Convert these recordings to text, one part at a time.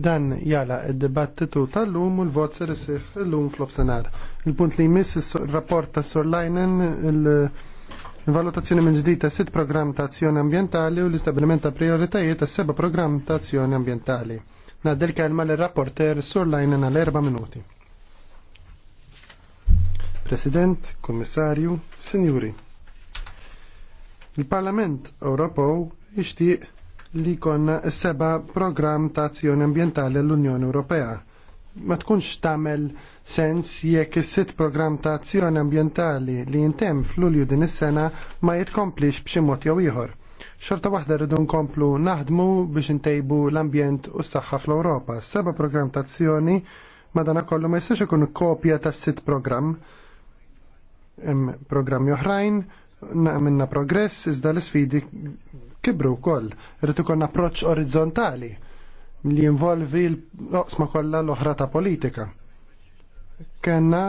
Dan jala id-dibattitu tal-lum u l-vot ser isih l-lum fl senar Il-punt li jmiss il-rapport ta' Sur il-valutazzjoni minn ġdid ta' sit program ta' azzjoni ambientali u l istabiliment ta' prioritajiet ta' seba program ta' azzjoni ambientali. Naddel kelma l-rapporter Sur Lajnen għal erba minuti. President, Kommissarju, Sinjuri. Il-Parlament Ewropew ixtieq li konna seba program ta' azzjoni ambientali l-Unjoni Ewropea. Ma tkunx tamel sens jekk is-sitt program ta' azzjoni ambientali li jintem fl-ulju din is-sena ma jitkomplix b'xi mod jew ieħor. Xorta waħda rridu nkomplu naħdmu biex intejbu l-ambjent u s-saħħa fl-Ewropa. Seba program ta' azzjoni madanakollu ma jistax ikun kopja ta' sitt program. Hemm programmi oħrajn, minna progress iżda l-isfidi kibru wkoll. Irid ikun approċċ orizzontali li jinvolvi l-oqsma kollha l-oħra ta' politika. Kenna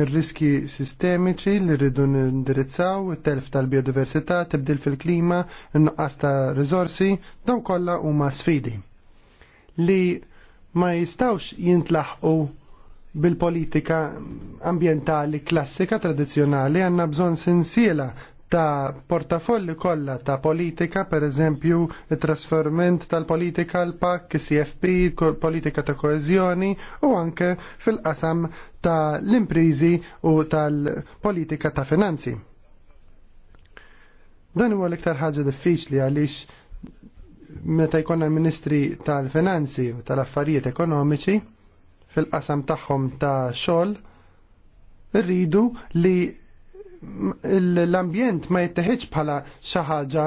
il riski sistemiċi li rridu nindirizzaw, telf tal-biodiversità, tibdil fil-klima, n-nuqqas ta' rizorsi, daw kollha huma sfidi li ma jistawx jintlaħqu bil-politika ambientali klassika tradizjonali għanna bżon sinsiela ta' portafolli kollha ta' politika, per eżempju, il-trasferment tal-politika l-PAK, CFP, politika ta' koezjoni u anke fil-qasam ta' l-imprizi u tal-politika ta' finanzi. Dan huwa l-iktar ħaġa diffiċli għaliex meta jkollna l-Ministri tal-Finanzi u tal-Affarijiet Ekonomiċi fil-qasam tagħhom ta' xogħol irridu li l-ambjent ma jitteħiġ bħala xi ħaġa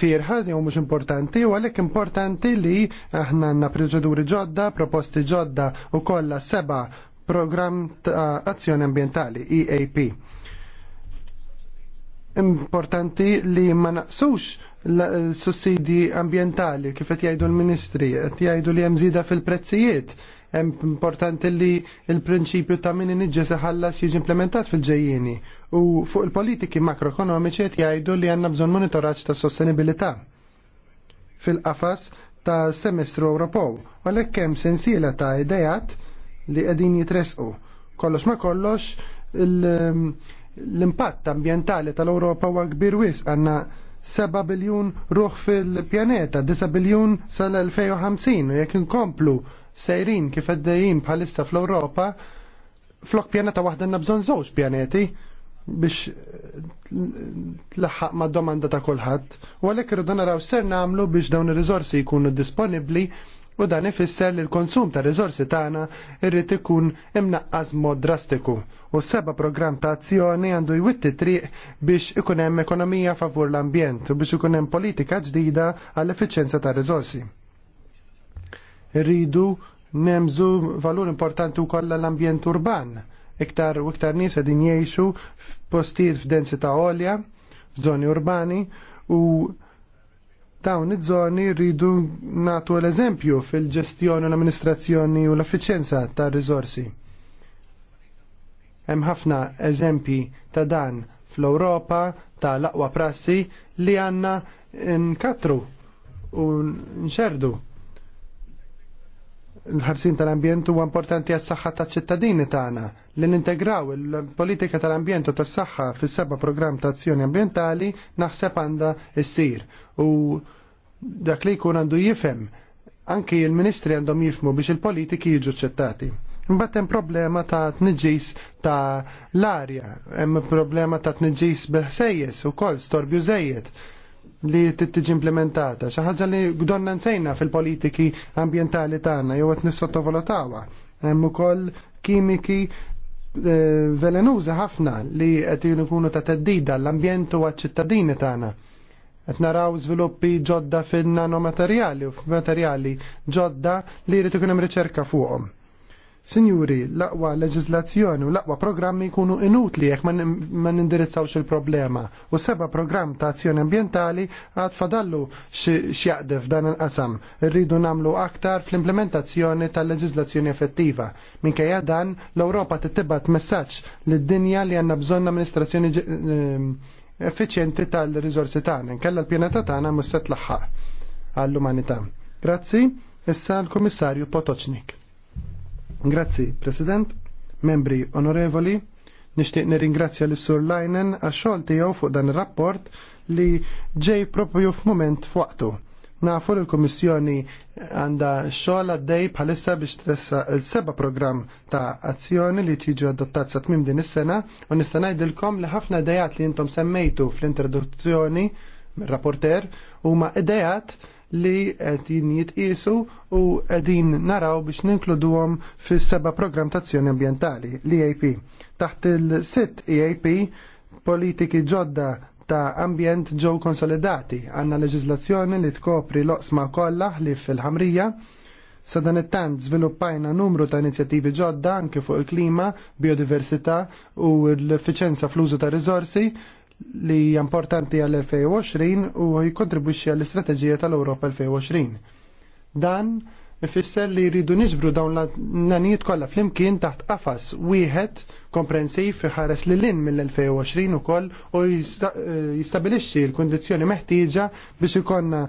firħa jew mhux importanti u għalhekk importanti li aħna għandna proċeduri ġodda, proposti ġodda u kollha seba' programm ta' azzjoni ambientali EAP importanti li ma naqsux l-sussidi ambientali kif qed jgħidu l-ministri, qed jgħidu li hemm żieda fil-prezzijiet. Hemm importanti li l-prinċipju ta' min inġġes iħallas jiġi implementat fil-ġejjieni u fuq il-politiki makroekonomiċi qed jgħidu li għandna bżonn monitoraġġ ta' sostenibilità fil-qafas ta' semestru Ewropew, għalhekk hemm sensiela ta' idejat li qegħdin jitresqu. Kollox ma kollox l-impatt ambjentali tal-Ewropa huwa kbir wisq għandna 7 biljun ruħ fil-pjaneta, 9 biljun sal-2050 u jekk inkomplu sejrin kif għaddejjin bħalissa fl-Ewropa, flok pjaneta wahda nabżon żewġ pjaneti biex tlaħħaq ma' domanda ta' kulħadd. U għalhekk irridu naraw ser nagħmlu biex dawn ir-riżorsi jkunu disponibbli u dan ifisser li l-konsum ta' rizorsi tagħna irrid ikun imnaqqas mod drastiku u seba' programm ta' azzjoni għandu jwitti triq biex ikun hemm ekonomija favur l-ambjent u biex ikun hemm politika ġdida għall-effiċjenza ta' rizorsi. Irridu nemżu valur importanti wkoll l-ambjent urban iktar u iktar nies qegħdin jgħixu f'postijiet f'densità għolja, f'żoni urbani u Dawn iż-żoni rridu nagħtu l-eżempju fil-ġestjoni u l-amministrazzjoni u l-effiċjenza tar-riżorsi. Hemm ħafna eżempji ta' dan fl-Ewropa ta' l-aqwa prassi li għandna nkattru u nxerdu l-ħarsin tal-ambjent huwa importanti għas saħħa taċ-ċittadini tagħna li nintegraw il-politika tal-ambjent u tas-saħħa fis-seba' programm ta' azzjoni ambjentali naħseb għandha ssir. U dak li jkun għandu jifhem anki il-ministri għandhom jifmu biex il-politiki jiġu ċettati. Mbagħad hemm problema ta' tniġġis ta' l-arja, hemm problema ta' tniġġis bil-ħsejjes ukoll storbju żejjed li tiġi implementata. Xi ħaġa li gdonna nsejna fil-politiki ambjentali tagħna jew qed nissottovalutawha. Hemm ukoll kimiki eh, velenużi ħafna li qed ikunu ta' teddida l-ambjent u għaċ-ċittadini tagħna. Qed naraw żviluppi ġodda fin-nanomaterjali u f'materjali ġodda li jrid ikun hemm riċerka fuqhom. Sinjuri, l-aqwa leġizlazzjoni u l-aqwa programmi jkunu inutli jekk ma nindirizzawx il-problema. U seba programm ta' azzjoni ambientali għad fadallu x'jaqdef dan il-qasam. Irridu namlu aktar fl-implementazzjoni tal leġizlazzjoni effettiva. Minkejja dan, l-Ewropa tittibat messaġġ lid-dinja li għandna bżonn amministrazzjoni ehm, effiċjenti tal-riżorsi tagħna. Nkella l-pjaneta tagħna mhux set tlaħħaq għall-umanità. Grazzi, issa l-Kummissarju Potocznik. Grazzi, President, membri onorevoli, nishtiq nirringrazzja l sur Lajnen għax-xogħol tiegħu fuq dan ir-rapport li ġej propju f'mument f'waqtu. Nafu l komissjoni għanda xogħol għaddej bħalissa biex tressa seba programm ta' azzjoni li tiġi adottat sa tmim din is-sena u nista' ngħidilkom li ħafna idejat li intom semmejtu fl-introduzzjoni mir-rapporter huma idejat li għedin jitqiesu u qegħdin naraw biex ninkluduhom fis-seba' programm ta' azzjoni ambjentali, l-EAP. Taħt il sit EAP politiki ġodda ta' ambjent ġew konsolidati għandna leġizlazzjoni li tkopri loqsma kollha li fil-ħamrija Sa dan it-tant żviluppajna numru ta' inizjattivi ġodda anke fuq il-klima, biodiversità u l-effiċenza fl-użu ta' riżorsi li hija importanti għall-2020 u jikontribwixxi għall-istrateġija tal-Ewropa 2020. Dan ifisser li jridu niġbru dawn l-nanijiet kollha flimkien taħt qafas wieħed komprensiv ħares li l-in mill-2020 ukoll u eh, jistabilixxi l-kundizzjoni meħtieġa biex ikonna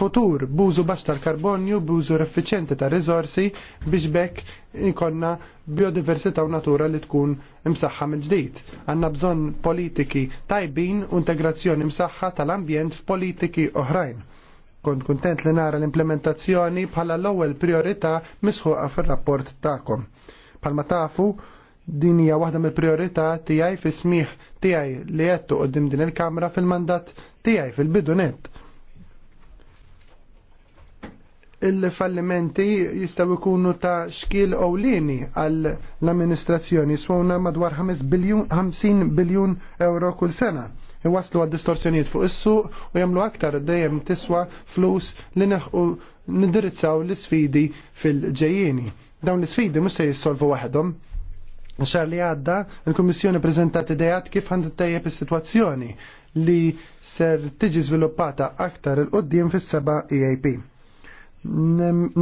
futur bużu baxx tal-karbonju, bużu effiċenti ta' rizorsi biex bekk ikonna biodiversità u natura li tkun imsaħħa mill ġdid. Għanna bżonn politiki tajbin u integrazzjoni m'saħħa tal-ambjent f'politiki oħrajn. Kont kuntent li nara l-implementazzjoni bħala l-ewwel priorità misħuqa fir-rapport tagħkom. Palma tafu, din hija waħda mill-priorità tiegħi fi smih tiegħi li qed toqgħodim din il-Kamra fil-mandat tiegħi fil-bidu Il-fallimenti jistgħu jkunu ta' xkil ewlieni għall-amministrazzjoni swuna madwar 50 biljun euro kull sena iwaslu għad distorsjoniet fuq is-suq u jagħmlu aktar dejjem tiswa flus li neħu nindirizzaw l-isfidi fil-ġejjieni. Dawn l-isfidi mhux se jissolvu waħedhom, Xar li għadda, il komissjoni prezentat idejat kif għand tajjeb is-sitwazzjoni li ser tiġi sviluppata aktar il-qoddim fis-seba EAP.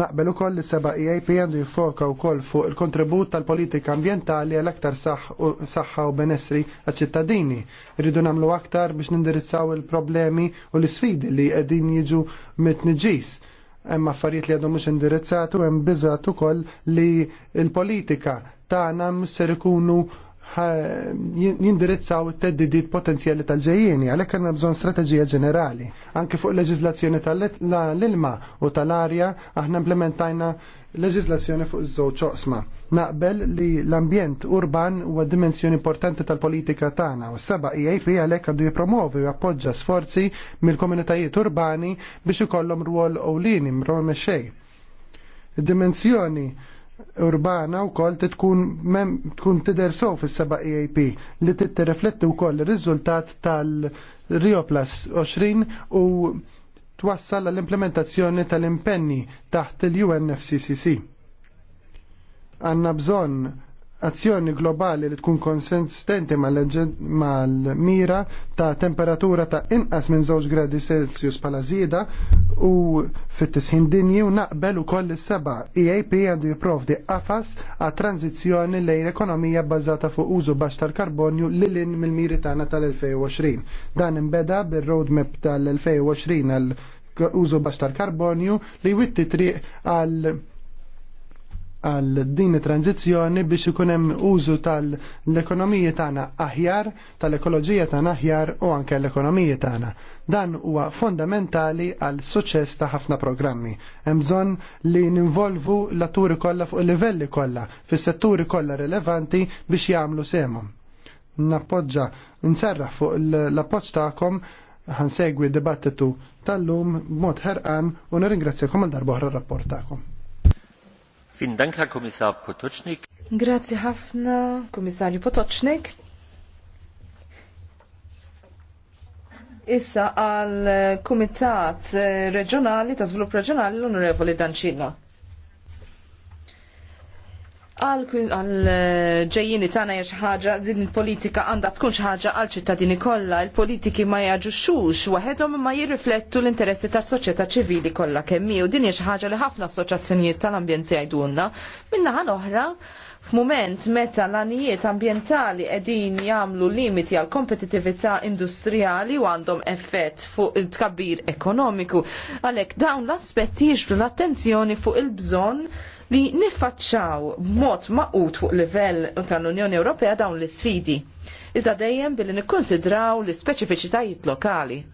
Naqbel ukoll li seba EAP għandu jiffoka wkoll fuq il-kontribut tal-politika ambjentali għal aktar saħħa u benessri għal ċittadini Rridu nagħmlu aktar biex nindirizzaw il-problemi u l-isfidi li qegħdin jiġu mit nġis. hemm affarijiet li għadhom mhux indirizzatu hemm biżgħat ukoll li l-politika tagħna ser ikunu jindirizzaw it-teddidiet potenzjali tal-ġejjieni, għalhekk għandna bżonn strateġija ġenerali. Anke fuq leġiżlazzjoni tal-ilma u tal-arja aħna implementajna leġiżlazzjoni fuq iż-żewġ oqsma. Naqbel li l-ambjent urban huwa dimensjoni importanti tal-politika tagħna u s-seba' EIP għalhekk għandu jippromovi u appoġġa sforzi mill-komunitajiet urbani biex ikollhom rwol ewlieni mrol mexxej. Id-dimensjoni urbana u koll tkun tkun tider sow fis seba EAP li tirrifletti u koll il-rizultat tal-Rio Plus 20 u twassal l-implementazzjoni tal-impenni taħt il-UNFCCC. Għanna bżon azzjoni globali li tkun konsistenti mal-mira ta' temperatura ta' inqas minn 2 gradi Celsius pala zida u fit-tisħin dinji u naqbel u koll is-seba EAP għandu jiprovdi għafas għat tranzizjoni lejn ekonomija bbażata fuq użu baxx tal-karbonju lilin mill-miri tagħna tal-2020. Dan imbeda bil roadmap tal-2020 għal użu baxx tal-karbonju li witti triq għal għal din tranzizjoni biex ikun hemm użu tal-ekonomiji tagħna aħjar, tal-ekoloġija tagħna aħjar u anke l-ekonomiji tagħna. Dan huwa fondamentali għal suċċess ta' ħafna programmi. Hemm bżonn li ninvolvu l-atturi kollha fuq il-livelli kollha, fis-setturi kollha rilevanti biex jagħmlu semhom. Nappoġġa nserraħ fuq l-appoġġ tagħkom ħansegwi d-dibattitu tal-lum b'mod ħerqan u nirringrazzjakom għal darba oħra r-rapport tagħkom. Fin danka Potocznik. Grazzi ħafna, komissarju Potocznik. issa għal Kumitat Reġjonali ta' Zvilupp Reġjonali l-Onorevoli Danċina. Għal eh, ġejjini tagħna hija xi ħaġa din il-politika għandha tkun ħagġa ħaġa għal ċittadini kollha, il-politiki ma xux, waħedhom ma jirriflettu l-interessi tas-soċjetà ċivili kollha kemm u din jax ħagġa ħaġa li ħafna assoċjazzjonijiet tal-ambjent jgħidulna. Min-naħa l-oħra F'mument meta l-anijiet ambientali edin jamlu limiti għal kompetitività industrijali u għandhom effett fuq il-tkabbir ekonomiku. Għalek dawn l-aspetti jiexbru l-attenzjoni fuq il-bżon li nifacċaw mod maqut fuq livell tal-Unjoni Ewropea dawn l-sfidi. Iżda dejjem billi nikkonsidraw l-speċifiċitajiet lokali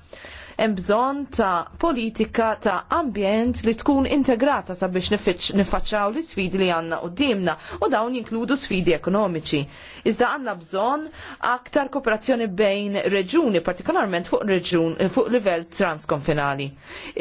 hemm bżonn ta' politika ta' ambjent li tkun integrata sabiex nifaċċaw l-isfidi li għandna qudiemna u dawn jinkludu sfidi ekonomiċi. Iżda għandna bżonn aktar kooperazzjoni bejn reġuni, partikolarment fuq reġun fuq livell transkonfinali.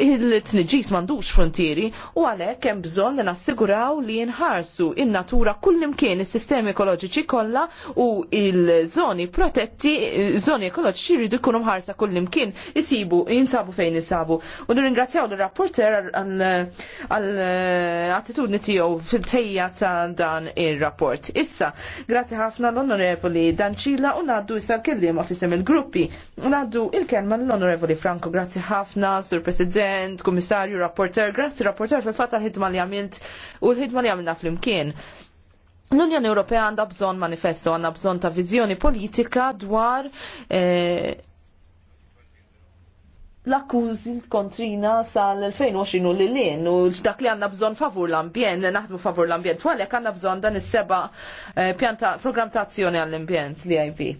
Il-tniġis m'għandux frontieri u għalhekk hemm bżonn li nassiguraw li nħarsu in-natura kullimkien is-sistemi ekoloġiċi kollha u il-żoni protetti, żoni ekoloġiċi jridu jkunu mħarsa kullimkien isibu jinsabu fejn jinsabu. U nirringrazzjaw l-rapporter għall-attitudni tiegħu fil-tejja ta' dan ir-rapport. Issa, grazzi ħafna l-Onorevoli Danċila u ngħaddu issa l-kelliem fisem il-gruppi. U ngħaddu il-kelma l-Onorevoli Franco, grazzi ħafna, Sur President, Kummissarju, Rapporter, grazzi Rapporter fil fat tal-ħidma li għamilt u l-ħidma li għamilna fl-imkien. L-Unjoni Ewropea għandha bżonn manifesto, għandha bżonn ta' viżjoni politika dwar eh, l-akkużi kontrina sal-2020 u l-lin u dak li għanna bżon favur l-ambjent, naħdmu favur l-ambjent, u għalek għanna bżon dan is-seba eh, pjanta program ta' azzjoni għall-ambjent li IP.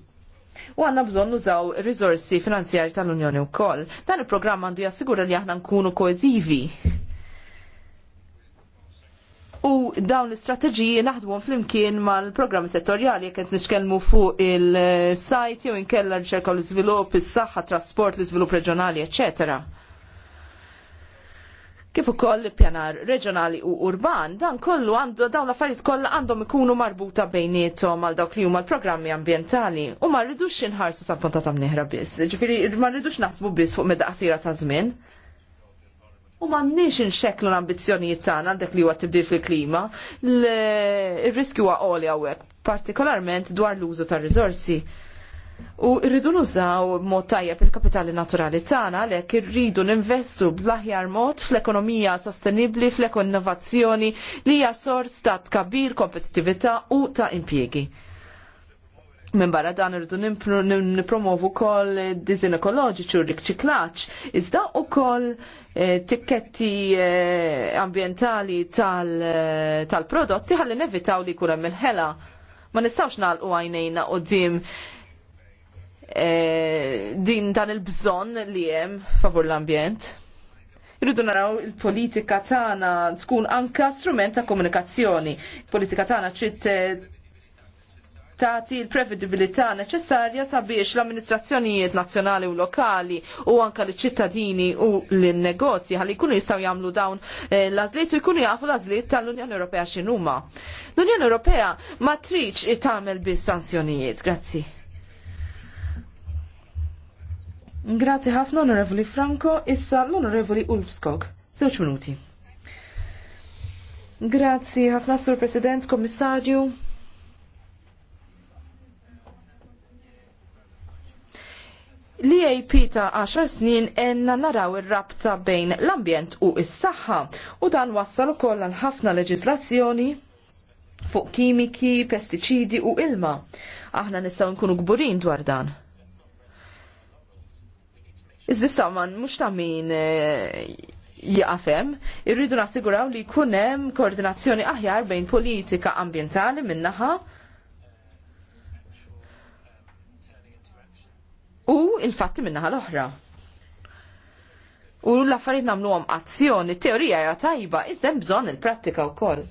U għanna bżon nużaw risorsi finanzjari tal-Unjoni u koll. Dan il-programm għandu jassigura li aħna nkunu koezivi U dawn l-istrateġiji naħdmu flimkien mal-programmi settorjali jekk qed nitkellmu fuq il-sajt jew inkella riċerka l iżvilupp is-saħħa, trasport, l-iżvilupp reġjonali, eċetera. Kif ukoll pjanar reġjonali u urban, dan kollu għandu dawn l-affarijiet kollha għandhom ikunu marbuta bejniethom għal dawk li huma l-programmi ambjentali u ma rridux inħarsu sal-punta ta' mnieħra biss. Ġifieri ma rridux naħsbu biss fuq meda qasira ta' żmien U mannix nxeklu l-ambizjonijiet tagħna għandek li huwa tibdil fil-klima, l riskju huwa għoli hawnhekk, partikolarment dwar l-użu tar-riżorsi. U rridu nużaw mod tajjeb il-kapitali naturali tagħna għalhekk irridu ninvestu bl-aħjar mod fl-ekonomija sostenibbli, fl-innovazzjoni li hija sors ta' tkabbir kompetittività u ta' impjiegi. Minn barra dan irridu nipromovu kol eh, dizin ekoloġiċi u rikċiklaġġ, iżda u kol eh, tikketti eh, ambientali tal-prodotti ħalli nevitaw li hemm il-ħela. Ma nistawx nalqu għajnejna u dim din dan il-bżon li jem favur l-ambjent. Irridu naraw il-politika tagħna tkun anka strument ta' komunikazzjoni. Il-politika tagħna trid tagħti l-prevedibilità neċessarja sabiex l-amministrazzjonijiet nazzjonali u lokali u anka li ċittadini u l-negozji għalli jkunu jistgħu jagħmlu dawn l eh, lażliet u jkunu jafu l tal-Unjoni Ewropea x'inhuma. L-Unjoni Ewropea ma tridx tagħmel biss sanzjonijiet. Grazzi. Grazzi ħafna Onorevoli Franco, issa l-Onorevoli Ulfskog. Żewġ minuti. Grazzi ħafna Sur President, Kommissarju. Li e AP ta' 10 snin enna naraw ir-rabta bejn l-ambjent u s-saħħa u dan wassal ukoll għal ħafna leġiżlazzjoni fuq kimiki, pestiċidi u ilma. Aħna nistgħu nkunu gburin dwar dan. Iżda saman mhux ta' min e, jaqafem, irridu nassiguraw li jkun hemm koordinazzjoni aħjar bejn politika ambjentali min-naħa u il-fatti minnaħa l-oħra. U l-affarijiet nagħmluhom azzjoni, teorija ja tajba, iżda bżon bżonn il-prattika wkoll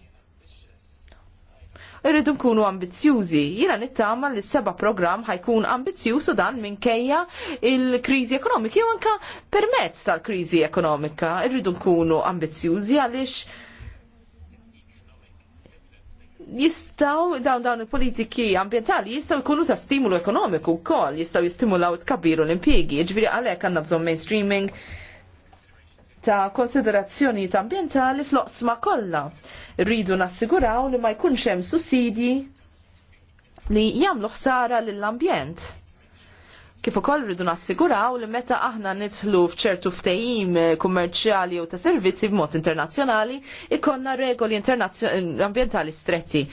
irridu nkunu ambizjużi. Jiena nittama li s-seba program ħajkun ambizjuż dan dan minkejja il-kriżi ekonomika jew anka permezz tal-kriżi ekonomika. Irridu nkunu ambizjużi għaliex jistaw dawn dawn il-politiki ambientali jistaw jkunu ta' stimulu ekonomiku wkoll jistaw jistimulaw tkabiru l-impjegi, ġviri għalhekk għandna bżonn mainstreaming ta' konsiderazzjoni ta' ambientali fl-oqsma kollha. Rridu nassiguraw li ma jkunx hemm sussidji li jagħmlu ħsara lill-ambjent. Kif ukoll rridu nassiguraw li meta aħna nidħlu f'ċertu ftehim eh, kummerċjali u ta' servizzi b'mod internazzjonali, ikonna regoli ambjentali stretti.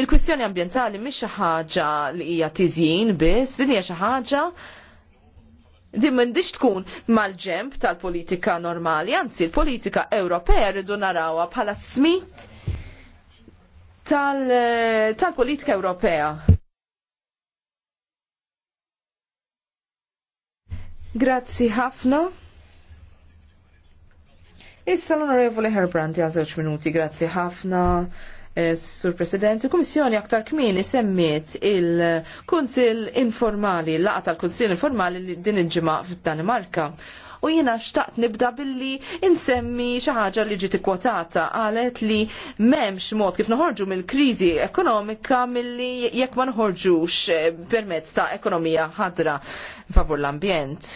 Il-kwistjoni ambjentali mhix xi ħaġa li hija tiżjin biss, din hija xi ħaġa din m'għandix tkun mal-ġemp tal-politika normali, anzi l-politika Ewropea rridu narawha bħala smit eh, tal-politika tal Ewropea Grazzi ħafna. Issa l-Onorevoli għal żewġ minuti, grazzi ħafna. Eh, Sur President, il-Komissjoni aktar kmini semmiet il-Kunsil informali, laqa tal-Kunsil informali li din il-ġimgħa fid-Danimarka u jiena xtaqt nibda billi insemmi xi ħaġa li ġiet ikkwotata qalet li m'hemmx mod kif noħorġu mill-kriżi ekonomika milli jekk ma noħorġux eh, permezz ta' ekonomija ħadra favur l-ambjent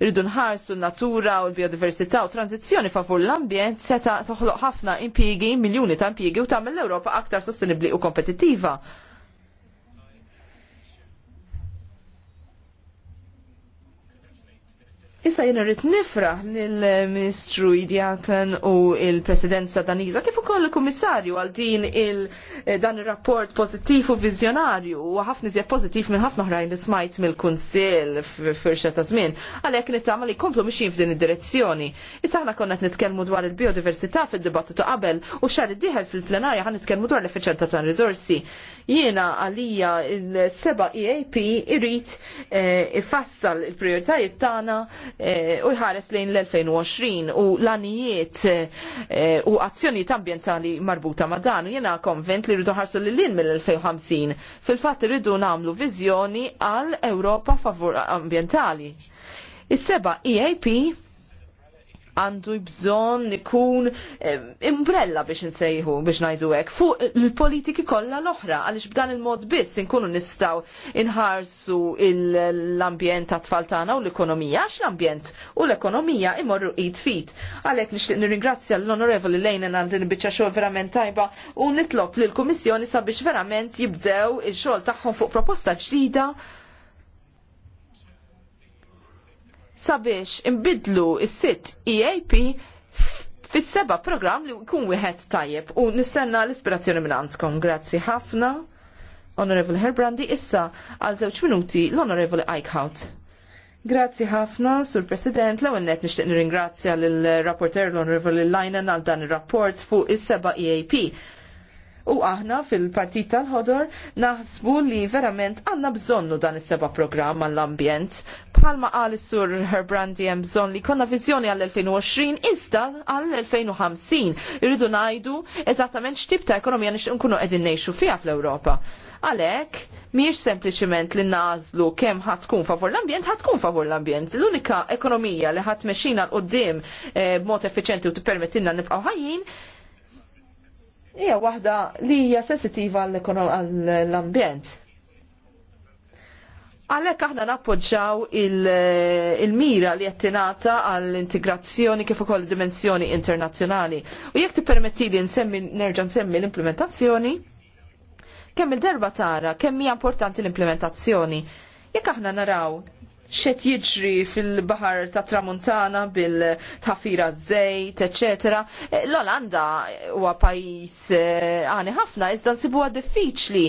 irridu nħarsu n-natura u l-biodiversità u tranzizjoni favur l-ambjent seta toħloq ħafna impjiegi, miljuni ta' impjiegi u tagħmel l-Ewropa aktar sostenibbli u kompetittiva. Issa jena rrit nifra lill-Ministru Idjakan u il-Presidenza Daniza kif ukoll il-Kummissarju għal din il eh, dan ir-rapport pozittiv u viżjonarju u ħafna iżjed pożittiv minn ħafna ħrajn li smajt mill-Kunsill f'firxa ta' żmien għalhekk nittama li jkomplu mixin f'din id-direzzjoni. Issa aħna konna qed nitkellmu dwar il-biodiversità fid-dibattitu qabel u xar id-dieħel fil-plenarja ħan nitkellmu dwar l-effiċenza ta' riżorsi. Jiena għalija il-seba EAP irrit eh, ifassal il-prioritajiet tagħna eh, u jħares lejn l-2020 u l-anijiet eh, u azzjonijiet ambjentali marbuta ma' dan u jiena konvent li rridu ħarsu l lin mill-2050. Fil-fatt rridu nagħmlu viżjoni għal Ewropa favur ambjentali. Is-seba EAP għandu jibżon ikun eh, imbrella biex nsejħu biex najdu hekk fuq il-politiki kollha l-oħra għaliex b'dan il-mod biss inkunu nistgħu inħarsu l-ambjent għatfaltana tfal tagħna u l-ekonomija għax l-ambjent u l-ekonomija imorru id fit. Għalhekk nixtieq nirringrazzja l-Onorevoli Lejnen għandin din xol xogħol verament tajba u nitlob lill-Kummissjoni sabiex verament jibdew il-xogħol tagħhom fuq proposta ġdida sabiex imbidlu s sit EAP fis-seba programm li jkun wieħed tajjeb u nistenna l-ispirazzjoni minn għandkom. Grazzi ħafna. Honorable Herbrandi, issa għal żewġ minuti l honorable Eichhout. Grazzi ħafna, Sur President, l-ewwel net nixtieq nirringrazzja lill rapporter l honorable Lajnen għal dan ir-rapport fuq is-seba' EAP u aħna fil-partit tal-ħodor naħsbu li verament għanna bżonnu dan is-seba' programm għall-ambjent. Bħalma qal is-sur Herbrandi hemm bżonn li konna viżjoni għall-2020 iżda għall-2050. Irridu ngħidu eżattament x'tib ta' ekonomija nixtieq nkunu qegħdin ngħixu fiha fl-Ewropa. Għalhekk miex sempliċement li nażlu kemm ħad tkun favur l-ambjent, ħad tkun favur l-ambjent. L-unika ekonomija li ħad meċina l-qoddim eh, b'mod effiċenti u tippermettilna nibqgħu ħajjin hija waħda li hija sensitiva għall-ambjent. Għalhekk aħna nappoġġaw il-mira il li qed tingħata għall-integrazzjoni kif ukoll dimensjoni internazzjonali. U jekk tippermetti li nsemmi nerġa' nsemmi l-implementazzjoni, kemm il-darba tara kemm hija importanti l-implementazzjoni. Jekk aħna naraw xet jiġri fil-bahar ta' Tramuntana bil-tafira zejt, etc. Eh, L-Olanda huwa pajis eh, għani ħafna, iżda nsibu diffiċli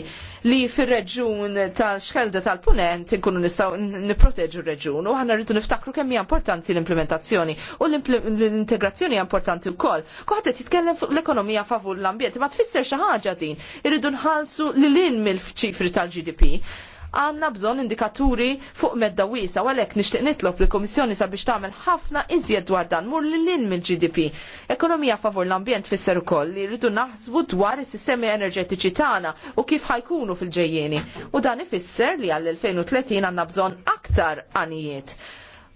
li fil-reġun tal-xkelda tal-punent nkunu nistaw niproteġu reġun u għanna rridu niftakru kemm hija importanti l-implementazzjoni u l-integrazzjoni hija importanti wkoll. Kuħat qed jitkellem fuq l-ekonomija favur l-ambjent, ma tfisser xi ħaġa din. Irridu nħallsu lil mill-ċifri tal-GDP għanna bżonn indikaturi fuq medda wiesa u għalhekk nixtieq nitlob li kummissjoni sabiex tagħmel ħafna iżjed dwar dan mur lil lin mill-GDP. Ekonomija favur l-ambjent fisser ukoll li rridu naħsbu dwar is-sistemi enerġetiċi tagħna u kif ħajkunu fil-ġejjieni. U dan ifisser li għall-2030 għandna bżonn aktar għanijiet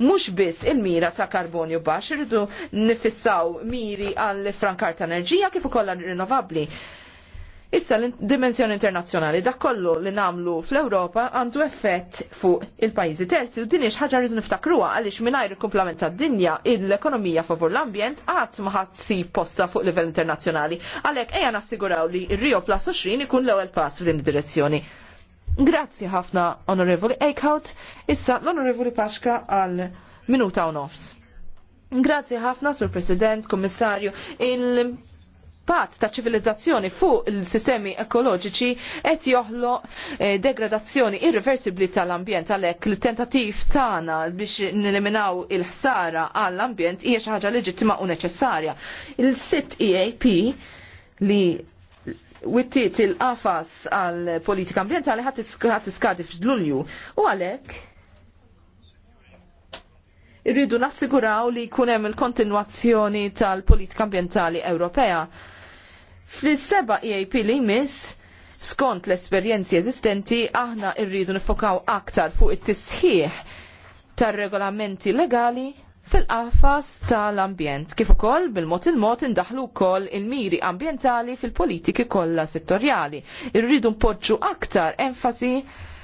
mux biss il-mira ta' karbonju bax, irridu nifissaw miri għall frankar ta' enerġija kif ukoll rinnovabbli. Issa l-dimensjoni internazzjonali dak kollu li namlu fl-Ewropa għandu effett fuq il pajzi terzi u din ħaġa rridu niftakruha għaliex mingħajr il ta' dinja l-ekonomija favur l-ambjent għat ma ħadsi posta fuq livell internazzjonali. Għalhekk ejja nassiguraw li il rio Plus 20 ikun l-ewwel pass f'din id-direzzjoni. Grazzi ħafna Onorevoli Eichhout, issa l-Onorevoli Paxka għal minuta u nofs. Grazzi ħafna, Sur President, Kommissarju. Il pat ta' ċivilizzazzjoni fuq il-sistemi ekoloġiċi qed joħloq eh, degradazzjoni irreversibbli tal-ambjent għalhekk il-tentativ tagħna biex neliminaw il-ħsara għall-ambjent hija xi ħaġa leġittima u neċessarja. Il-sit EAP li wittiet il-qafas għal politika ambjentali ħadd iskadi f'Lulju u għalhekk irridu nassiguraw li jkun hemm il-kontinwazzjoni tal-politika ambjentali Ewropea. Fl-seba EAP li jmiss, skont l-esperjenzi eżistenti, aħna rridu nifokaw aktar fuq it-tisħiħ tar-regolamenti legali fil-qafas tal-ambjent, kif ukoll bil-mod il-mod indaħlu wkoll il-miri ambjentali fil-politiki kollha settorjali. Irridu npoġġu aktar enfasi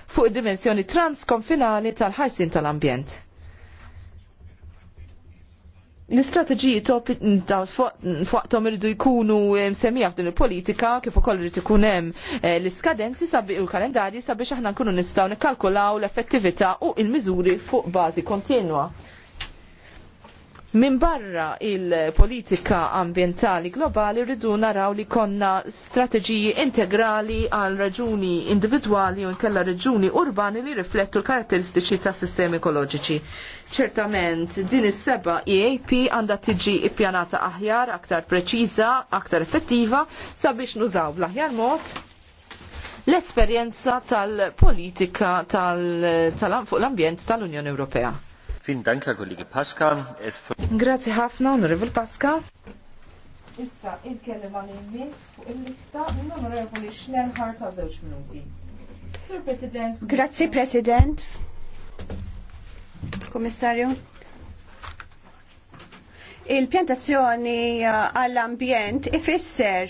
fuq id-dimensjoni transkonfinali tal-ħarsin tal-ambjent. L-istrateġiji fuqtom irridu jkunu semija f'din il-politika kif ukoll irid ikun hemm eh, l-iskadenzi sabi u l-kalendarji sabiex aħna nkunu nistgħu nikkalkulaw l-effettività u l-miżuri fuq bażi kontinwa. Min barra il-politika ambientali globali rridu naraw li konna strateġiji integrali għal raġuni individwali u nkella raġuni urbani li riflettu l-karatteristiċi ta' sistemi ekoloġiċi. Ċertament, din is-seba EAP għandha tiġi ippjanata aħjar, aktar preċiża, aktar effettiva sabiex nużaw bl-aħjar mod l-esperjenza tal-politika tal ambjent tal unjoni Ewropea. Fin danka kollegi Paska. Grazie ħafna, onorevol Paska. Issa, il-kellem għal il-miss fuq il-lista, l-onorevoli Schnell ħarta zewċ minuti. Sir President. Grazie President. Komissarju il-pjantazzjoni eh, għall-ambjent ifisser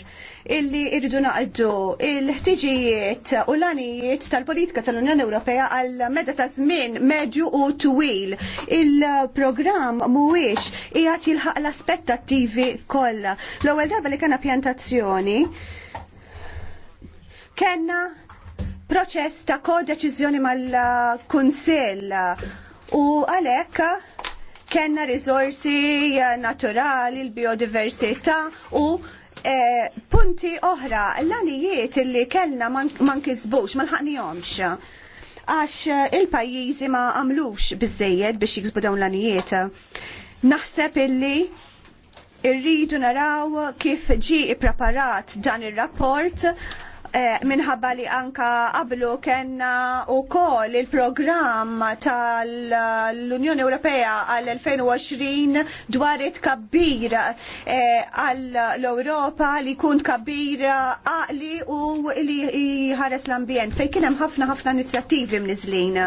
illi irridu naqdu il-ħtiġijiet u l għanijiet tal-politika tal-Unjoni Ewropea għal meda ta' żmien medju u twil. Il-programm mhuwiex qiegħed jilħaq l-aspettattivi kollha. L-ewwel darba li kena pjantazzjoni kena proċess ta' kodeċiżjoni mal-Kunsill u għalhekk Kellna risorsi eh, naturali, l-biodiversità u eh, punti oħra, l-anijiet li kellna man kizbux, man ħanijomx. Għax eh, il-pajjiżi ma għamlux bizzejed biex jiksbu dawn l-anijiet. Naħseb illi irridu naraw kif ġi ippreparat dan ir rapport Eh, minħabba li anka qablu kenna u koll il-programm tal-Unjoni Ewropea għal-2020 dwar it-kabbir eh, għall-Europa li kun kabbir għaqli u li jħares l-ambjent. Fej kienem ħafna ħafna inizjattivi mniżlin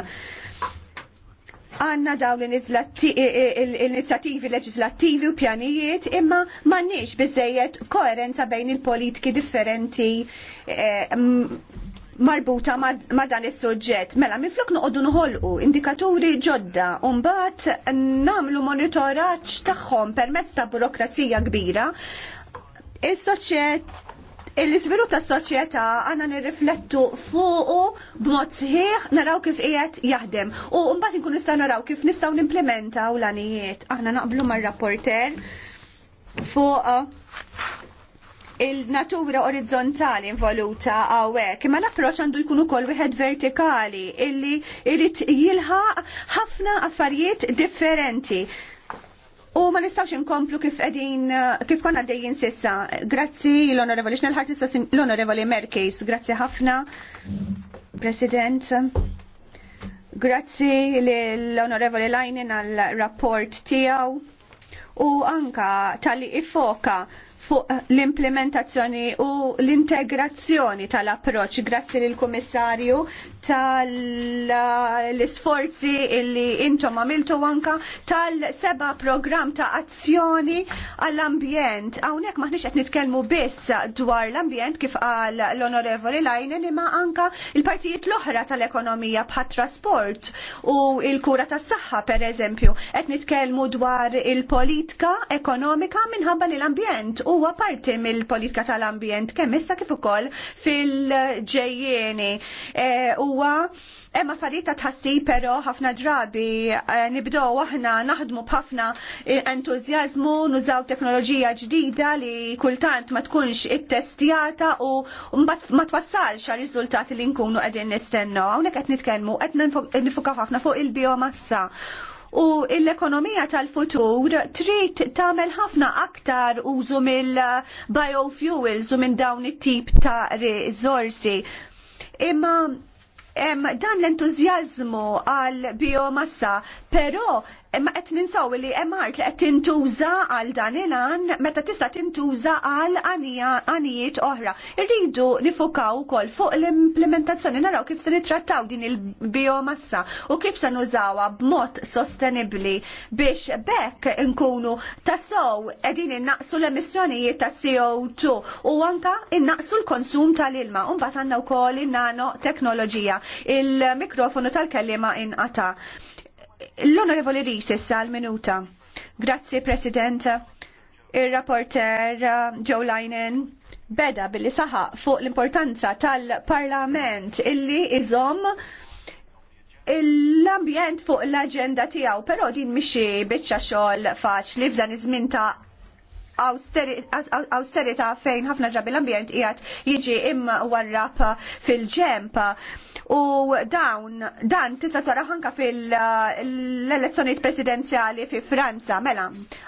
għanna dawn l-inizjattivi leġislattivi u pjanijiet imma m'għandniex bizzejiet koerenza bejn il-politiki differenti eh, marbuta ma' dan is-suġġett. Mela minflok noqogħdu nħolqu indikaturi ġodda u mbagħad nagħmlu monitoraġġ tagħhom permezz ta' burokrazija kbira. Is-soċjet l-iżvilupp tas-soċjetà għandna nirriflettu fuqu b'mod sħiħ naraw kif qiegħed jaħdem u mbagħad inkun nistgħu naraw kif nistgħu nimplementaw l-għanijiet. Aħna naqblu mar-rapporter fuq il-natura orizzontali involuta għawek, imma l-approċ għandu jkun ukoll wieħed vertikali illi irid jilħaq ħafna affarijiet differenti U ma nistawx inkomplu kif edin, eh, kif konna dejjin sissa. Grazzi l-Onorevoli Xnelħart, l-Onorevoli Merkis. Grazzi ħafna, President. Grazzi l-Onorevoli Lajnin għal rapport tijaw. U anka tal-ifoka fuq l-implementazzjoni u l-integrazzjoni tal-approċ. Grazzi lill komissarju tal-sforzi illi intom għamiltu anka tal-seba program ta' azzjoni għall-ambjent. Hawnhekk maħniex qed nitkellmu biss dwar l-ambjent kif għal l-Onorevoli Lajnen imma anka il-partijiet l-oħra tal-ekonomija bħat trasport u il-kura tas-saħħa pereżempju. Qed nitkellmu dwar il-politika ekonomika minħabba l-ambjent huwa parti mill-politika tal-ambjent kemm issa kif ukoll fil-ġejjeni. E, huwa Emma farita tħassi pero ħafna drabi e, nibdow aħna naħdmu bħafna e, entuzjazmu, nużaw teknoloġija ġdida li kultant ma tkunx it-testjata u ma twassalx għal riżultati li nkunu qegħdin nistennu. Hawnhekk qed nitkellmu qed nifukaw ħafna fuq il-biomassa u l-ekonomija tal-futur trid tagħmel ħafna aktar użu mill-biofuels u minn dawn it-tip ta' riżorsi. Imma Em, dan l entużjażmu għal biomassa, però Imma qed ninsaw li hemm art li qed tintuża għal dan il-għan meta tista' tintuża għal għanijiet oħra. Irridu nifukaw ukoll fuq l-implementazzjoni naraw kif se nittrattaw din il-biomassa u kif se nużawha b'mod sostenibbli biex bekk inkunu tassow qegħdin innaqsu l-emissjonijiet ta' CO2 u anka innaqsu l-konsum tal-ilma. Imbagħad għandna wkoll in-nano teknoloġija. Il-mikrofonu tal-kellima inqata' l-Onorevoli Ris issa minuta Grazzi, President. Il-rapporter uh, Joe Linen beda billi saħaq fuq l-importanza tal-Parlament illi iżom l-ambjent fuq l-agenda tijaw, pero din mixi bieċa xol faċ li f'dan iż-żmien ta' austerita fejn ħafna ġabi l-ambjent qiegħed jiġi imma warrapa fil ġempa U dawn, dan tista' tara ħanka fil elezzjoni presidenzjali fi Franza, mela,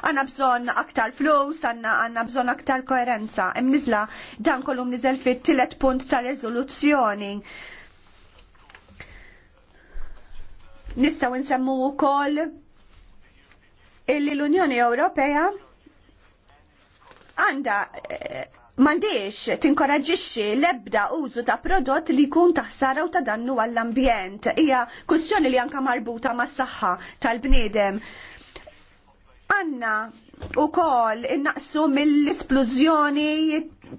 għandna bżonn aktar flus, għandna bżonn aktar koerenza. Imnizla dan kolum nizel fit tillet punt ta' riżoluzzjoni. Nistgħu nsemmu wkoll illi l-Unjoni Ewropea għandha eh, Mandiex tinkoraġixxi l-ebda użu ta' prodott li jkun taħsara u ta' dannu għall-ambjent. Hija kwistjoni li anka marbuta mas-saħħa tal-bniedem. Anna u kol innaqsu mill-esplużjoni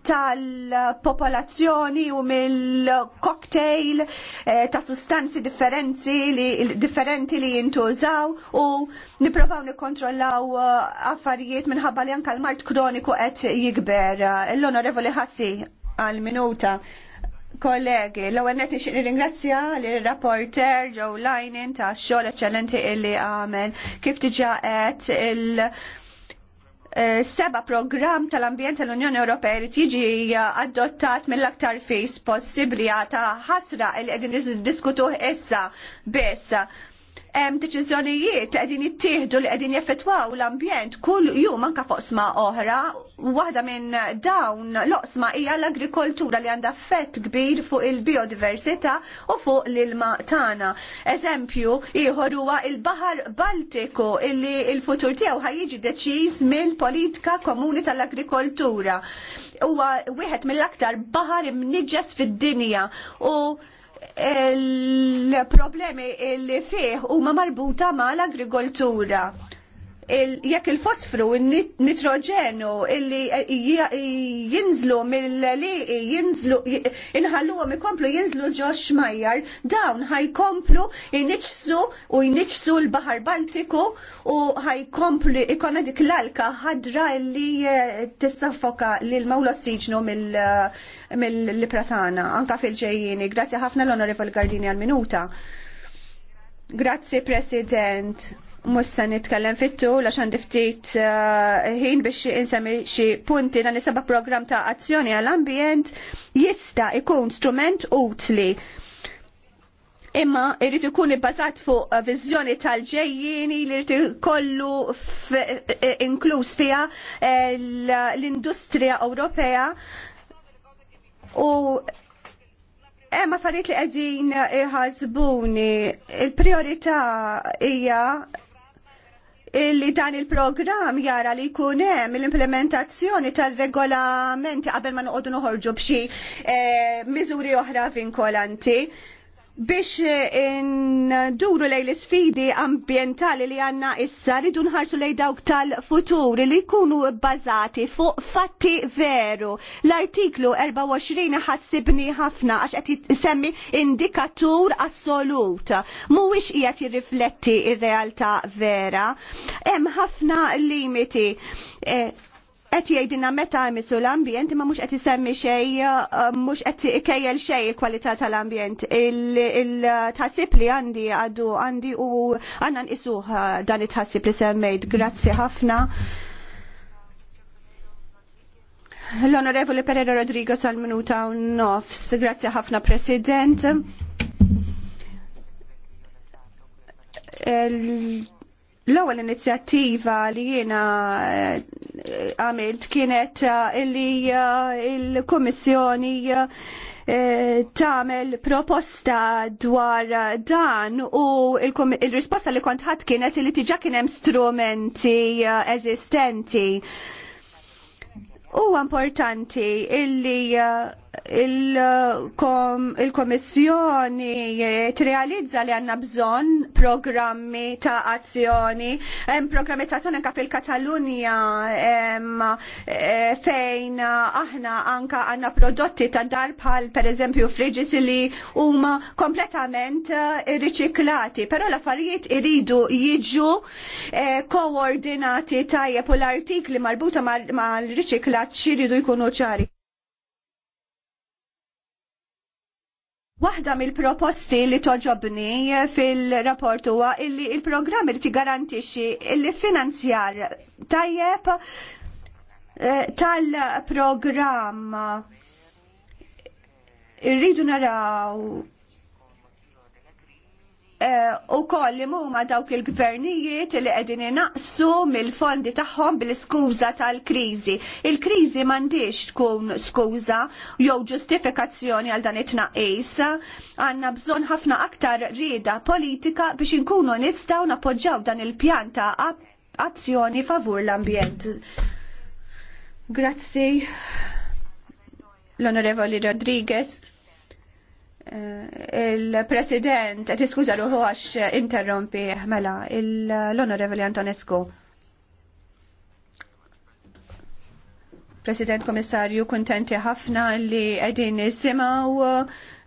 tal-popolazzjoni u mill-cocktail eh, ta' sustanzi differenzi li, differenti li jintużaw u niprofaw nikontrollaw eh, affarijiet minħabba li anka l-mart kroniku qed jikber. Eh, l-onorevoli ħassi għal-minuta kollegi, l ewwel nett nixtieq nirringrazzja lir-rapporter Joe Linen tax xogħol eċċellenti illi għamel kif diġà qed il- Eh, seba program tal-ambjent tal-Unjoni Ewropea li tiġi eh, adottat mill-aktar fejs possibbli ta' ħasra il-edin diskutuh issa biss hemm deċiżjonijiet li qegħdin jittieħdu li qegħdin jaffettwaw l-ambjent kull jum anke foqsma oħra, oħra. Waħda minn dawn l-oqsma hija l-agrikoltura li għandha effett kbir fuq il-biodiversità u fuq l-ilma tagħna. Eżempju, ieħor huwa il-Baħar Baltiku illi l-futur tiegħu ħajjiġi deċiż mill-politika komuni tal-agrikoltura. Huwa wieħed mill-aktar baħar imniġġes fid-dinja u il-problemi li fih huma marbuta mal agrikoltura jekk il-fosfru, il-nitrogenu, illi eh, jinżlu mill-liqi, jinżlu, inħalluhom ikomplu jinżlu ġo xmajjar, dawn ħajkomplu jniċsu u jniċsu l-Bahar Baltiku u ħajkomplu ikona dik l-alka ħadra illi eh, tissafoka lil mawla s-siġnu mill-pratana, eh, anka fil-ġejjini. Grazie ħafna l-Onorevol Gardini għal-minuta. Grazie, President. Mussa nitkellem fittu għax għandi ftit eh, ħin uh, biex insemmi xi punti dan is-seba' programm ta' azzjoni għall-ambjent jista' ikun strument utli. Imma irrid ikun ibbażat fuq viżjoni tal-ġejjini li rrid ikollu inkluż fiha eh, l-industrija Ewropea u Emma farit li għedin iħazbuni, il-priorità hija li dan il-programm jara li jkun hemm l-implementazzjoni tal-regolamenti qabel ma noqogħdu noħorġu b'xi eh, miżuri oħra vinkolanti biex eh, nduru lej l-sfidi ambientali li għanna issa ridu nħarsu lej dawk tal-futur li jkunu bazati fuq fatti veru. L-artiklu 24 ħassibni ħafna għax qed jisemmi indikatur assolut. Mhuwiex qiegħed jirrifletti r realtà vera. Hemm ħafna limiti. Eh, qed jgħidilna meta jmissu l-ambjent ma mhux qed isemmi xejn uh, uh, mhux qed ikejjel xejn il-kwalità tal-ambjent. Il-tħassib li għandi għaddu għandi u għandna nqisuh uh, dan it-tħassib li semmejt. Grazzi ħafna. L-Onorevoli Pereira Rodrigo sal-minuta u nofs. Grazzi ħafna, President L-ewwel inizjattiva li jiena eh, għamilt kienet eh, illi eh, il-Kummissjoni tagħmel proposta dwar dan u il-risposta li kont ħadd kienet li tiġa kien hemm strumenti eżistenti. Huwa importanti illi il-Komissjoni il trializza li għanna bżon programmi ta' azzjoni, programmi ta' azzjoni anka fil-Katalunja eh, fejn aħna anka għanna prodotti ta' dar bħal per eżempju friġis li huma kompletament eh, riċiklati, però l-affarijiet iridu jiġu eh, koordinati tajjeb u l-artikli marbuta mal-riċiklat xiridu jkunu ċari. Waħda mill-proposti li toġobni fil-rapport huwa illi il-programm li tigarantixxi illi finanzjar tajjeb eh, tal-programm irridu naraw Eh, u koll li muma dawk il-gvernijiet li qegħdin inaqsu mill-fondi tagħhom bil skuza tal-kriżi. Il-kriżi m'għandix tkun skuża jew ġustifikazzjoni għal dan it-tnaqqis. Għanna bżonn ħafna aktar rieda politika biex inkunu nistaw napoġġaw dan il-pjan ta' azzjoni favur l-ambjent. Grazzi l-Onorevoli Rodriguez il-President, tiskuza ruħu għax interrompi mela, l-Onorevoli Antonescu. President Komissarju, kontenti ħafna li għedin nisimaw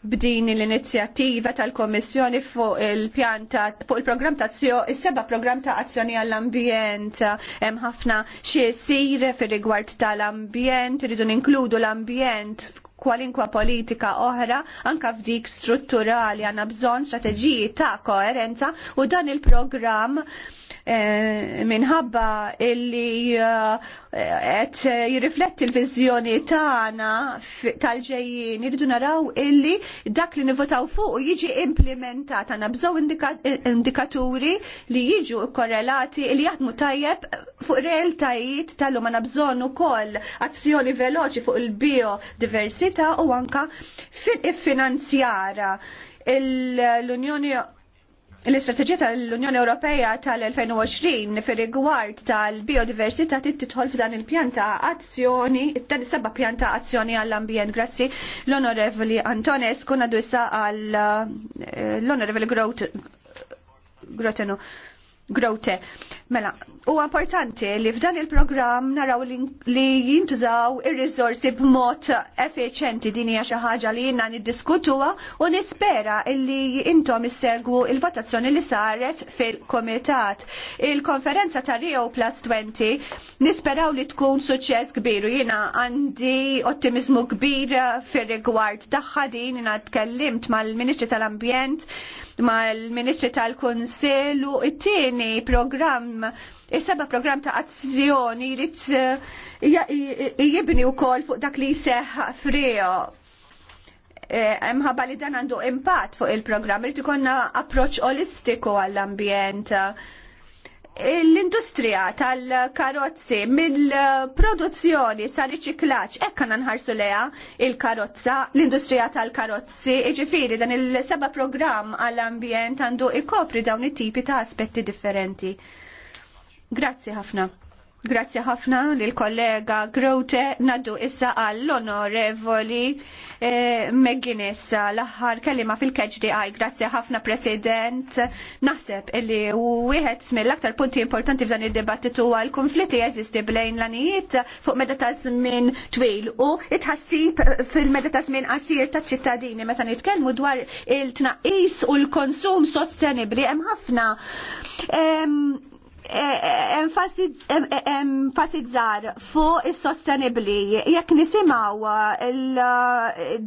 b'din l-inizjattiva tal-Komissjoni fuq il-pjanta, fuq il-program ta' il seba program ta' azzjoni għall-ambjent, hemm ħafna xi jsir fir-rigward tal-ambjent, iridu ninkludu l-ambjent kwalinkwa politika oħra, anka f'dik strutturali għanna bżon strateġiji ta' koerenza u dan il-programm eh, minħabba illi eh, qed jirrifletti l-viżjoni tagħna tal-ġejjin irridu naraw illi dak li nivotaw fuq jiġi implementat għanna bżon indikaturi li jiġu korrelati li jaħdmu tajjeb fuq realtajiet tal-lum bżon bżonn ukoll azzjoni veloċi fuq il biodiversi fid u anka fil-finanzjara l-Unjoni L-istrateġija tal-Unjoni Ewropea tal-2020 fir rigward tal-biodiversità titħol f'dan il-pjanta azzjoni, dan is-seba' pjanta azzjoni għall-ambjent. Grazzi l-Onorevoli Antones kun għadu għall eh, l-Onorevoli Groteno. Grote. Mela, u importanti li f'dan il-programm naraw li jintużaw ir rizorsi b'mod effiċenti din hija xi ħaġa li jiena niddiskutuha u nispera li intom issegwu il-votazzjoni li saret fil-Komitat. Il-konferenza ta' Rio Plus 20 nisperaw li tkun suċċess kbir u jiena għandi ottimizmu kbir fir-rigward tagħha din jiena tkellimt mal-Ministri tal-Ambjent ma' l-Ministri tal-Konsil u it-tieni programm Is-seba programm ta' azzjoni eh, jrid jibni wkoll fuq dak li jseħħ freo. Eh, Mħabba li dan għandu impatt fuq il-programm, irid ikonna approċċ olistiku għall-ambjent l-industrija tal-karozzi mill-produzzjoni sa' riċiklaċ hekk għana nħarsu leja il-karozza, l-industrija tal-karozzi, iġifiri dan il-seba program għall-ambjent għandu ikopri dawn it-tipi ta' aspetti differenti. Grazzi ħafna. Grazie ħafna lil kollega Grote naddu issa għall-onorevoli eh, McGuinness l-aħħar kelima fil-KHDI. Grazie ħafna President. Naħseb illi wieħed mill-aktar punti importanti f'dan id-dibattitu għal l-konflitti jeżisti bejn l-anijiet fuq meta ta' żmien twil u itħassib fil-meta ta' żmien qasir taċ ċittadini meta nitkellmu dwar il-tnaqqis u l-konsum sostenibbli hemm ħafna enfasizzar fu il sostenibli Jekk nisimgħu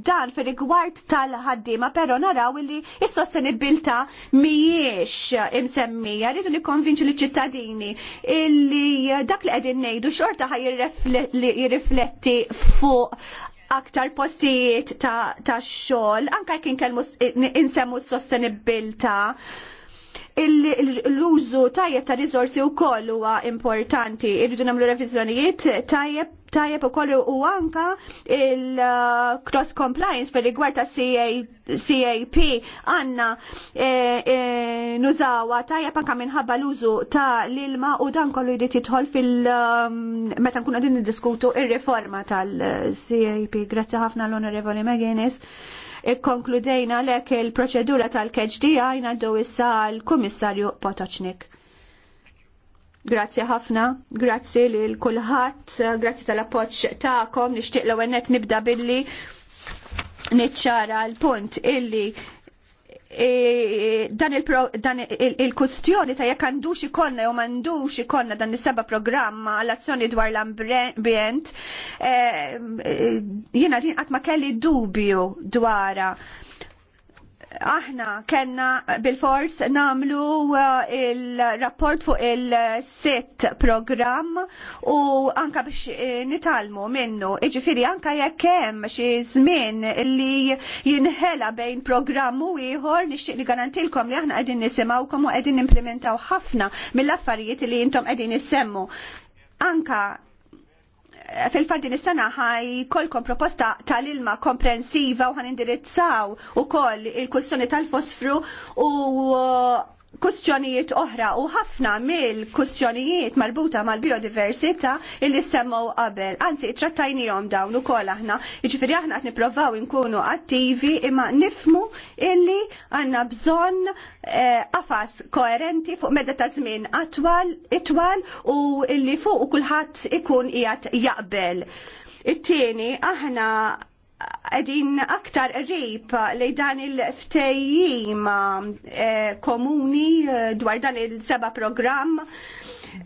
dan fir rigward tal-ħaddiema, però naraw li il sostenibilità mijiex imsemmija. Rridu nikkonvinċu li ċittadini illi dak li qegħdin ngħidu xorta ħaj jirrifletti fuq aktar postijiet ta', xol, xogħol, anke kien kelmu insemmu s-sostenibilità l-użu tajjeb ta' rizorsi u koll huwa importanti. Irridu nagħmlu revizjonijiet tajjeb tajjeb u koll u anka il-cross compliance fil rigward ta' CAP għanna nuzawa e, e, nużawa tajjeb anka minħabba l-użu ta' l-ilma u dan kollu jrid jidħol fil- um, meta nkunu din niddiskutu ir-riforma tal-CAP. Grazzi ħafna l-Onorevoli McGuinness. Ikkonkludejna lek il-proċedura tal-KHDI għajna issa għal kummissarju Potoċnik. Grazzi ħafna, grazzi lil kulħadd, grazzi tal-appoġġ tagħkom, nixtieq l-ewwel nibda billi niċċara l-punt illi E, e, dan il-kustjoni il, ta' jekk għandux ikonna jew m'għandux ikonna dan is-seba' programma għall-azzjoni dwar l-ambjent, e, e, jiena din qatt ma kelli dubju dwara aħna kellna bil-fors namlu uh, il-rapport fuq il-sit program u anka biex eh, nitalmu minnu. Iġifiri anka jekk hemm xi żmien li jinħela bejn programmu u ieħor nixtieq li garantilkom li aħna qegħdin nisimgħukom u qegħdin nimplementaw ħafna mill-affarijiet li intom qegħdin issemmu. Anka fil-fat din is-sena ħajkolkom proposta tal-ilma komprensiva u ħanindirizzaw ukoll il-kwestjoni tal-fosfru u kustjonijiet oħra u ħafna mill-kustjonijiet marbuta mal-biodiversità illi semmew qabel. Anzi, jom dawn u kol aħna. Iġifiri aħna għat niprofaw nkunu attivi imma nifmu illi għanna bżon għafas eh, koerenti fuq medda ta' żmien atwal, itwal u illi fuq u kullħat ikun jgħat jaqbel. It-tieni aħna għedin aktar rib li dan il-ftejjim eh, komuni eh, dwar dan il-seba program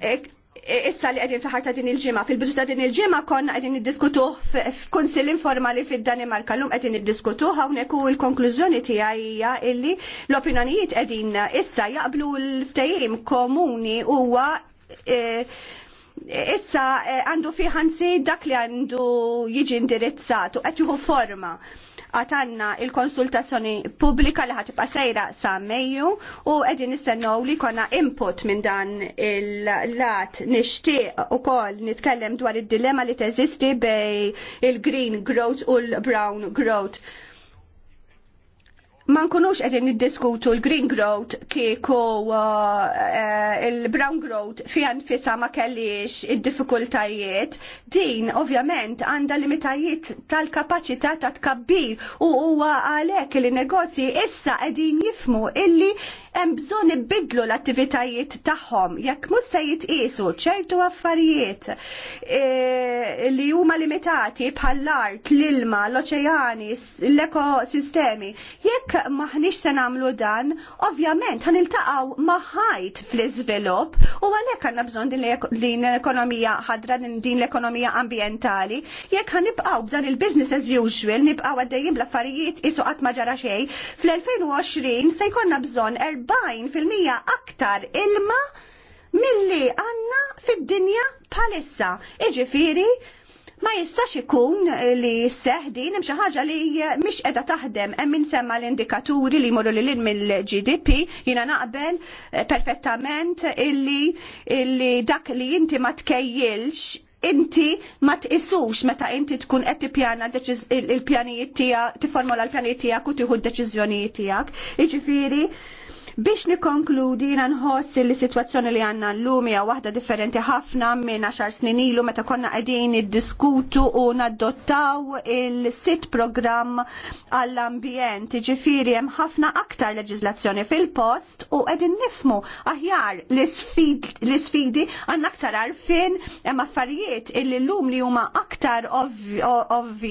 eh, issa li għedin fħarta din il ġima Fil-bidu ta' din il ġima konna għedin id-diskutuħ f'kunsil informali fil-Danimarka l-lum għedin id-diskutuħ għawnek u l-konklużjoni tijajja illi l-opinjonijiet għedin issa jaqblu l ftejjim komuni huwa issa eh, għandu fiħansi dak li għandu jiġi indirizzatu, qed jieħu forma għatanna il-konsultazzjoni pubblika li ħatibqa sejra sa' Mejju u għedin istennu li konna input minn dan il-lat nishtiq u kol nitkellem dwar id-dilemma li teżisti bej il-green growth u l-brown growth ma nkunux qegħdin diskutu l-green growth kieku uh, eh, il-brown growth fi nfisha ma kellix id-diffikultajiet, din ovvjament għandha limitajiet tal-kapaċità ta' tkabbir u huwa għalhekk li negozji issa qegħdin jifmu illi hemm bżonn ibidlu l-attivitajiet tagħhom jekk mhux se jitqiesu ċertu affarijiet e, li huma limitati bħall-art, l-ilma, l-oċeani, l-ekosistemi. Jekk maħniex se nagħmlu dan, ovvjament ħaniltaqgħu ma' ħajt fl-iżvilupp u għalhekk għandna bżonn din l-ekonomija ħadra din l-ekonomija ambjentali. Jekk ħanibqgħu b'dan il-business as usual, nibqgħu għaddejjin bl-affarijiet isu qatt ma ġara xejn, fl-2020 se jkollna bżonn 40% aktar ilma milli għanna fid-dinja palissa. Iġifiri, ma jistax ikun li seħdin hemm xi ħaġa li mhix qiegħda taħdem hemm semma l-indikaturi li jmorru lil mill-GDP jina naqbel eh, perfettament illi, illi dak li inti ma tkejjilx inti ma tqisux meta inti tkun qed tippjana il-pjanijiet tiegħek tifformula l-pjanijiet tiegħek u tieħu d-deċiżjonijiet tiegħek. Jiġifieri Biex nikonkludi jina nħoss li situazzjoni li għanna l lumi hija waħda differenti ħafna minn 10 snin ilu meta konna qegħdin iddiskutu u nadottaw il-sit programm għall-ambjent. Ġifiri hemm ħafna aktar leġizlazzjoni fil-post u qegħdin nifmu aħjar l-isfidi għandna aktar għarfin hemm affarijiet il lum li huma aktar ovvi. ov ov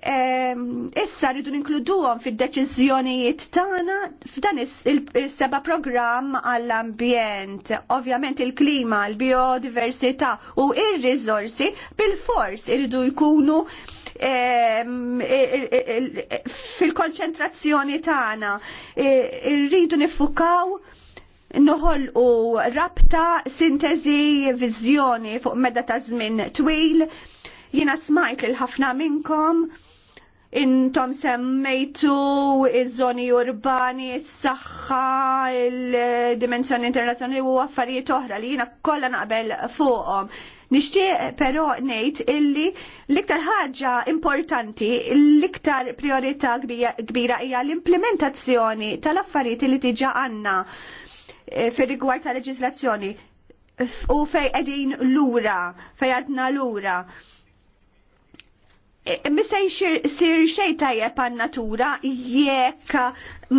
issa rridu ninkluduhom fid-deċiżjonijiet tagħna f'dan is-seba programm għall-ambjent. Ovvjament il-klima, l biodiversità u ir-riżorsi bil-fors irridu jkunu fil-konċentrazzjoni tagħna. Irridu nifukaw noħol u rabta, sintesi, viżjoni fuq medda ta' żmien twil. Jiena smajt lil ħafna minnkom intom semmejtu iż-żoni urbani, s-saħħa, il-dimensjoni internazzjonali u affarijiet oħra li jiena kollha naqbel fuqhom. Nixtieq però ngħid illi l-iktar ħaġa importanti, l-iktar priorità kbira hija l-implementazzjoni tal-affarijiet li tiġa għandna eh, fir-rigward tal-leġiżlazzjoni u fej qegħdin lura, fej għadna lura jxir jisir xej tajjeb għan natura jekk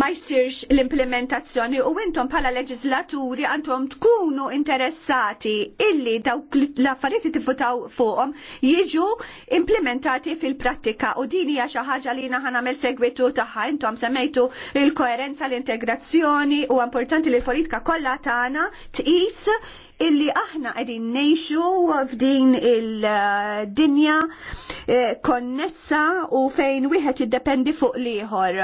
ma jsirx l-implementazzjoni u intom bħala leġislaturi għandhom tkunu interessati illi dawk l-affarijiet li tifutaw fuqhom jiġu implementati fil-prattika u din hija xi ħaġa li jiena ħanamel segwitu tagħha intom semmejtu il-koerenza l-integrazzjoni u importanti li l-politika kollha tagħna tqis illi aħna qegħdin ngħixu f'din il-dinja eh, konnessa u fejn wieħed jiddependi fuq l-ieħor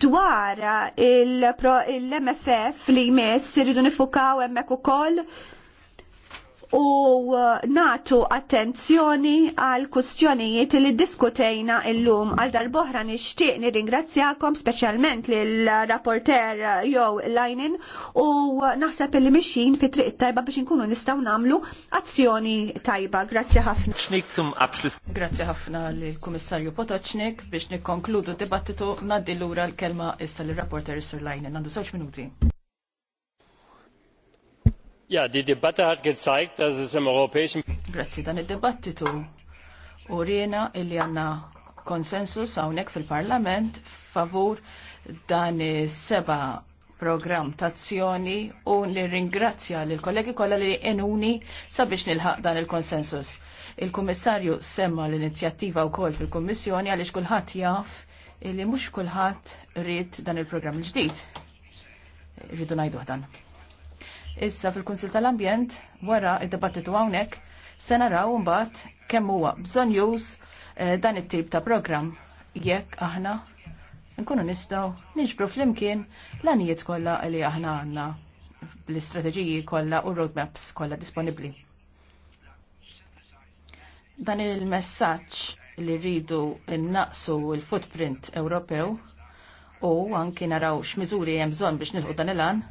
dwar il-MFF li jmiss iridu nifukaw hemmhekk ukoll u uh, natu attenzjoni għal kustjonijiet li diskutejna illum għal darboħra nixtieq nirringrazzjakom speċjalment l rapporter uh, Jow Lajnin u uh, naħseb illi mixin fi triq tajba biex inkunu nistgħu nagħmlu azzjoni tajba. Grazzi ħafna. zum abschluss. Grazzi ħafna lill kummissarju Potoċnik biex nikkonkludu dibattitu ngħaddi lura l-kelma issa lir rapporter Sir Lajnin. Għandu żewġ minuti. Ja, di dibatta hat gezeigt, dass es im europäischen... Grazzi dan id dibattitu U illi għanna konsensus għawnek fil-parlament favur dan seba program tazzjoni u li ringrazzja l-kollegi kolla li enuni sabiex nilħaq dan il-konsensus. Il-Kummissarju semma l-inizjattiva u kol fil kummissjoni għalix kullħat jaf li mux kullħat rrit dan il-program il-ġdid. Rridu najdu dan. Issa fil-Kunsil tal-Ambjent wara id-dibattitu hawnhekk se naraw mbagħad kemm huwa bżonn już eh, dan it-tip ta' programm jekk aħna nkunu nistgħu niġbru flimkien l-anijiet kollha li aħna għandna l-istrateġiji kollha u roadmaps kollha disponibbli. Dan il-messaġġ li rridu innaqsu l-footprint Ewropew u anki naraw x'miżuri hemm bżonn biex nilħu dan il għan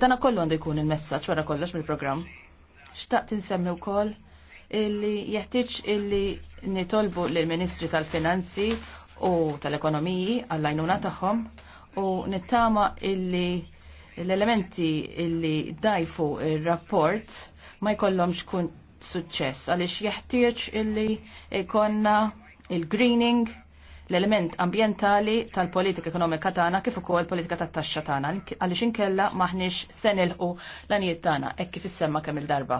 Dana kollu għandu jkun il-messaġġ wara kollox mill-programm. Xtaqt insemmi wkoll illi jeħtieġ illi nitolbu lill ministri tal-Finanzi u tal-Ekonomiji għall-għajnuna tagħhom u nittama illi l-elementi illi dajfu il-rapport ma jkollhomx kun suċċess għaliex jeħtieġ illi ikonna il-greening l-element ambientali tal-politika ekonomika tagħna kif ukoll politika tat-taxxa tagħna għaliex inkella maħniex se nilħu l għanijiet tagħna hekk kif issemma kemm il-darba.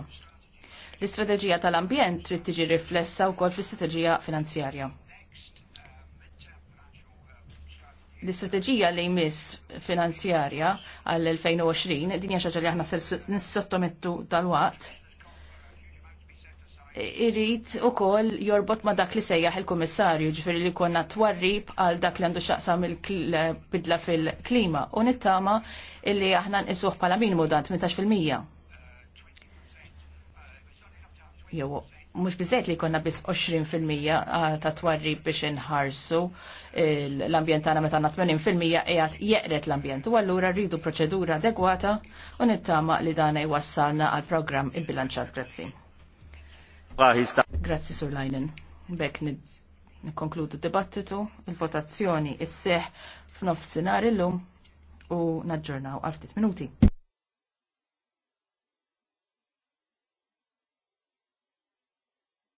L-istrateġija tal-ambjent trid tiġi riflessa wkoll fl-istrateġija finanzjarja. L-istrateġija li jmiss finanzjarja għall-2020 din hija xaġa li aħna nissottomettu tal-waqt irrit u kol jorbot ma dak li sejjaħ il-komissarju ġifiri li konna twarrib għal dak li għandu xaqsam il-bidla fil-klima u nittama illi aħna nqisuħ pala min dan 18%. Jew mux bizzet li konna bis 20% ta' twarrib biex inħarsu l-ambjent għana meta 80% qiegħed jeqret l-ambjent u allura rridu proċedura adegwata u nittama li dan jwassalna għal programm il-bilanċat grazzi. Grazzi Sur Lajnen. Bek nikkonkludu dibattitu, il-votazzjoni isseħ f'nofsinhar illum u naġġornaw għal ftit minuti.